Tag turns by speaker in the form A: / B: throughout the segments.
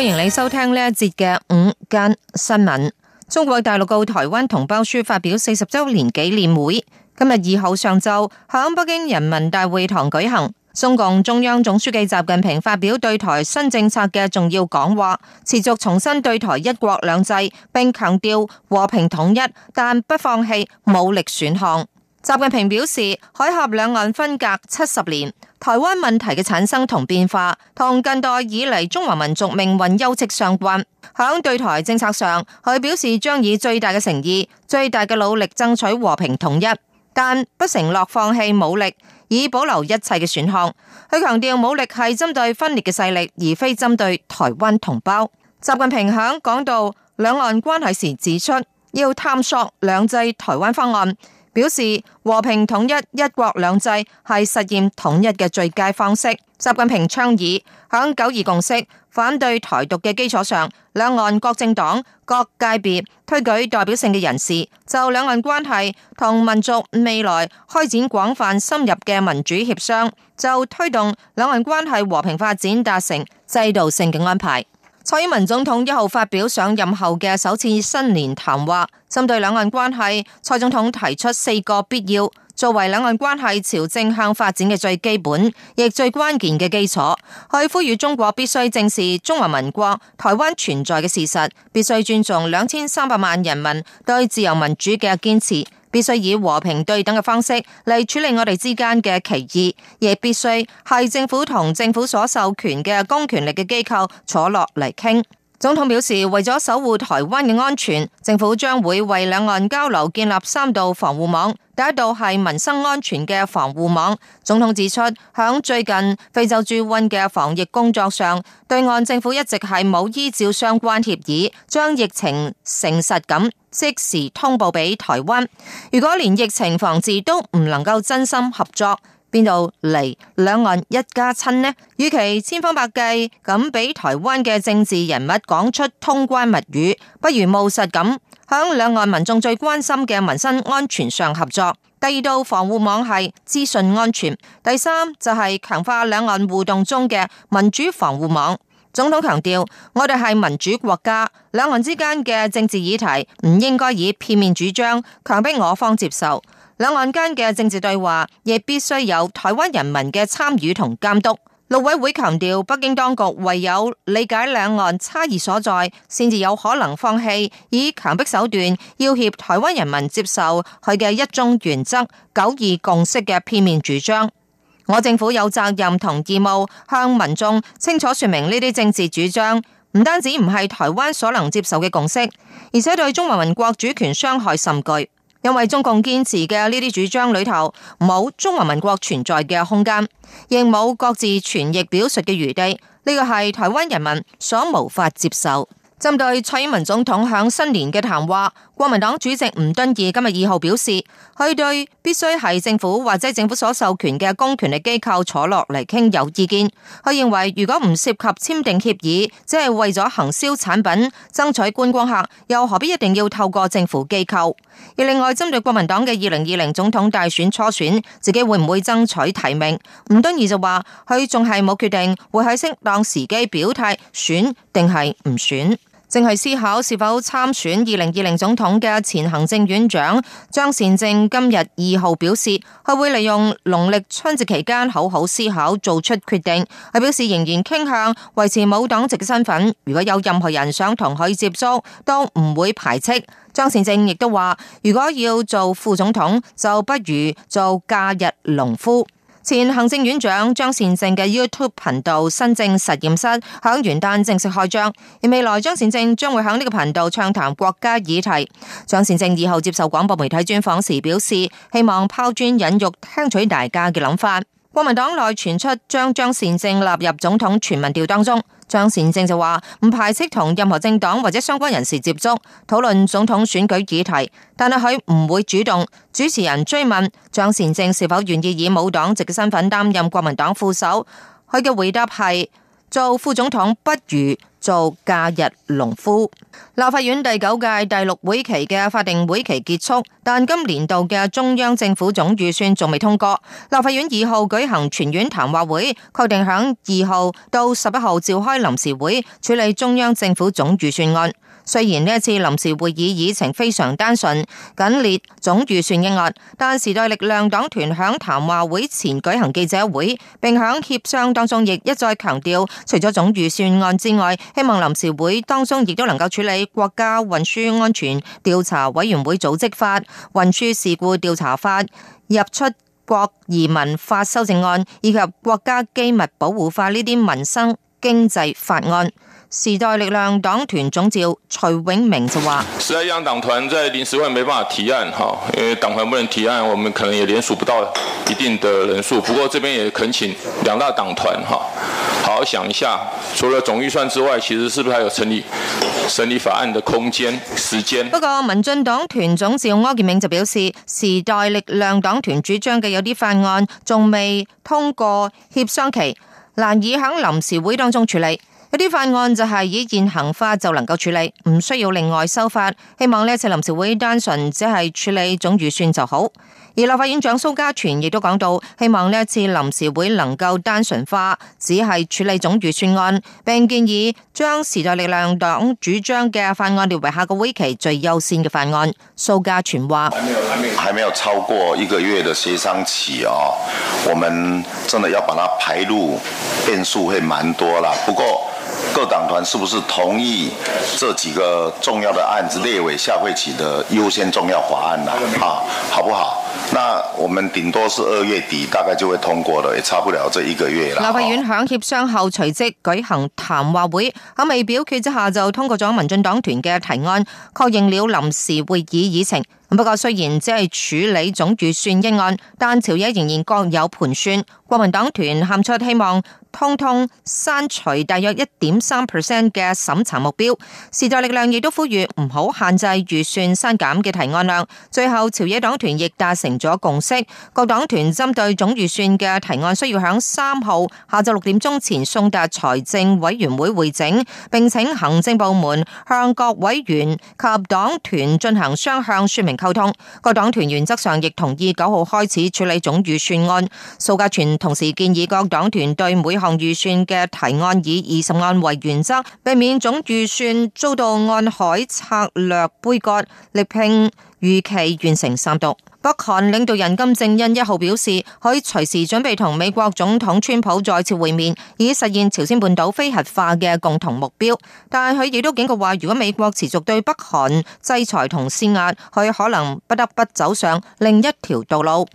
A: 歡迎你收聽呢一節嘅午間新聞。中國大陸告台灣同胞書發表四十周年紀念會，今日二號上晝響北京人民大會堂舉行，中共中央總書記習近平發表對台新政策嘅重要講話，持續重申對台一國兩制，並強調和平統一，但不放棄武力選項。習近平表示，海峽兩岸分隔七十年。台灣問題嘅產生同變化，同近代以嚟中華民族命運休戚相關。響對台政策上，佢表示將以最大嘅誠意、最大嘅努力爭取和平統一，但不承諾放棄武力，以保留一切嘅選項。佢強調武力係針對分裂嘅勢力，而非針對台灣同胞。習近平響講到兩岸關係時指出，要探索兩制台灣方案。表示和平統一、一國兩制係實現統一嘅最佳方式。習近平倡議響九二共識、反對台獨嘅基礎上，兩岸各政黨、各界別推舉代表性嘅人士，就兩岸關係同民族未來開展廣泛深入嘅民主協商，就推動兩岸關係和平發展達成制度性嘅安排。蔡英文總統一號發表上任後嘅首次新年談話，針對兩岸關係，蔡總統提出四個必要，作為兩岸關係朝正向發展嘅最基本亦最關鍵嘅基礎，去呼籲中國必須正視中華民國台灣存在嘅事實，必須尊重兩千三百萬人民對自由民主嘅堅持。必須以和平對等嘅方式嚟處理我哋之間嘅歧異，亦必須係政府同政府所授權嘅公權力嘅機構坐落嚟傾。總統表示，為咗守護台灣嘅安全，政府將會為兩岸交流建立三道防護網。第一道係民生安全嘅防護網。總統指出，響最近非洲豬瘟嘅防疫工作上，對岸政府一直係冇依照相關協議，將疫情誠實咁即時通報俾台灣。如果連疫情防治都唔能夠真心合作。邊度嚟兩岸一家親呢？與其千方百計咁俾台灣嘅政治人物講出通關密語，不如務實咁響兩岸民眾最關心嘅民生安全上合作。第二道防護網係資訊安全，第三就係強化兩岸互動中嘅民主防護網。總統強調，我哋係民主國家，兩岸之間嘅政治議題唔應該以片面主張強迫我方接受。兩岸間嘅政治對話亦必須有台灣人民嘅參與同監督。陸委會強調，北京當局唯有理解兩岸差異所在，先至有可能放棄以強迫手段要挾台灣人民接受佢嘅一中原則、九二共識嘅片面主張。我政府有責任同義務向民眾清楚說明呢啲政治主張，唔單止唔係台灣所能接受嘅共識，而且對中華民國主權傷害甚巨。因為中共堅持嘅呢啲主張裏頭，冇中華民國存在嘅空間，亦冇各自詮釋表述嘅餘地，呢、這個係台灣人民所無法接受。針對蔡英文總統響新年嘅談話，國民黨主席吳敦義今日二號表示，佢對必須係政府或者政府所授權嘅公權力機構坐落嚟傾有意見。佢認為如果唔涉及簽訂協議，即係為咗行銷產品、爭取觀光客，又何必一定要透過政府機構？而另外針對國民黨嘅二零二零總統大選初選，自己會唔會爭取提名？吳敦義就話佢仲係冇決定，會喺適當時機表態選定係唔選。正係思考是否參選二零二零總統嘅前行政院長張善政今日二號表示，佢會利用農曆春節期間好好思考，做出決定。佢表示仍然傾向維持冇黨籍嘅身份。如果有任何人想同佢接觸，都唔會排斥。張善政亦都話，如果要做副總統，就不如做假日農夫。前行政院長張善政嘅 YouTube 頻道“新政實驗室”響元旦正式開張，而未來張善政將會響呢個頻道暢談國家議題。張善政以後接受廣播媒體專訪時表示，希望拋磚引玉，聽取大家嘅諗法。國民黨內傳出將張善政納入總統全民調當中。張善政就話唔排斥同任何政黨或者相關人士接觸，討論總統選舉議題，但係佢唔會主動。主持人追問張善政是否願意以冇黨籍嘅身份擔任國民黨副手。佢嘅回答係做副總統不如，做假日農夫。立法院第九屆第六會期嘅法定會期結束，但今年度嘅中央政府總預算仲未通過。立法院二號舉行全院談話會，確定響二號到十一號召開臨時會處理中央政府總預算案。雖然呢一次臨時會議議程非常單純，僅列總預算議案，但時代力量黨團響談話會前舉行記者會，並響協商當中亦一再強調，除咗總預算案之外，希望臨時會當中亦都能夠處理國家運輸安全調查委員會組織法、運輸事故調查法、入出國移民法修正案以及國家機密保護法呢啲民生經濟法案。時代力量黨團總召徐永明就話：時代力量黨團在臨時會沒辦法提案，哈，因為黨團不能提案，我們可能也聯署不到一定的人數。不過，這邊也懇請兩大黨團哈，好好想一下，除了總預算之外，其實是不是還有成立審理法案的空間、時間？不過，民進黨團總召柯建銘就表示，時代力量黨團主張嘅有啲法案仲未通過協商期，難以喺臨時會當中處理。有啲法案就係以現行法就能夠處理，唔需要另外修法。希望呢一次臨時會單純只係處理總預算就好。而立法院長蘇嘉全亦都講到，希望呢一次臨時會能夠單純化，只係處理總預算案，並建議將時代力量黨主張嘅法案列為下個會期最優先嘅法案。蘇嘉全話：還沒有，還沒有，還沒有超過一個月嘅協商期啊，哦，我們真的要把它排入變數會蠻多啦。不過各黨團是不是同意這幾個重要的案子列為下會期的優先重要法案啦？啊，好不好？那我們頂多是二月底，大概就會通過的，也差不了這一個月。立法院響協商後隨即舉行談話會，喺未表決之下就通過咗民進黨團嘅提案，確認了臨時會議議程。不過雖然只係處理總預算一案，但朝野仍然各有盤算。國民黨團喊出希望通通刪除大約一點三 percent 嘅審查目標，時代力量亦都呼籲唔好限制預算刪減嘅提案量。最後朝野黨團亦達成咗共識，各黨團針對總預算嘅提案需要響三號下晝六點鐘前送達財政委員會會整，並請行政部門向各委員及黨團進行雙向說明溝通。各黨團原則上亦同意九號開始處理總預算案。蘇嘉全同時建議各黨團對每項預算嘅提案以二十案為原則，避免總預算遭到案海策略杯葛，力拼預期完成三讀。北韓領導人金正恩一號表示，佢隨時準備同美國總統川普再次會面，以實現朝鮮半島非核化嘅共同目標。但係佢亦都警告話，如果美國持續對北韓制裁同施壓，佢可能不得不走上另一條道路。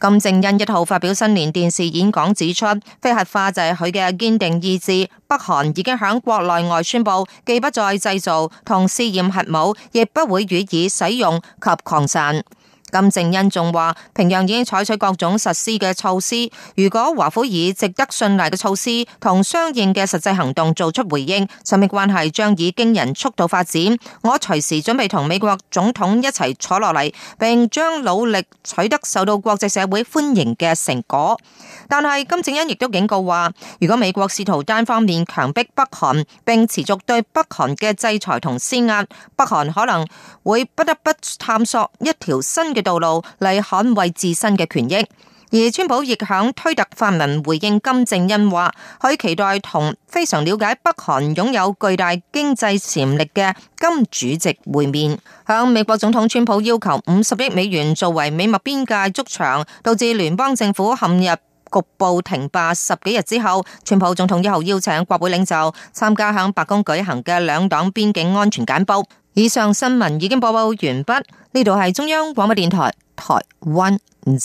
A: 金正恩一號發表新年電視演講，指出非核化就係佢嘅堅定意志。北韓已經響國內外宣布，既不再製造同試驗核武，亦不會予以使用及擴散。金正恩仲話，平壤已經採取各種實施嘅措施。如果華府以值得信賴嘅措施同相應嘅實際行動做出回應，雙邊關係將以驚人速度發展。我隨時準備同美國總統一齊坐落嚟，並將努力取得受到國際社會歡迎嘅成果。但係金正恩亦都警告話，如果美國試圖單方面強迫北韓，並持續對北韓嘅制裁同施壓，北韓可能會不得不探索一條新嘅道路嚟捍衛自身嘅權益，而川普亦響推特發文回應金正恩話，佢期待同非常了解北韓擁有巨大經濟潛力嘅金主席會面。響美國總統川普要求五十億美元作為美墨邊界築牆，導致聯邦政府陷入局部停擺十幾日之後，川普總統以後邀請國會領袖參加響白宮舉行嘅兩黨邊境安全簡報。以上新聞已經播報完畢。呢度係中央廣播電台台灣五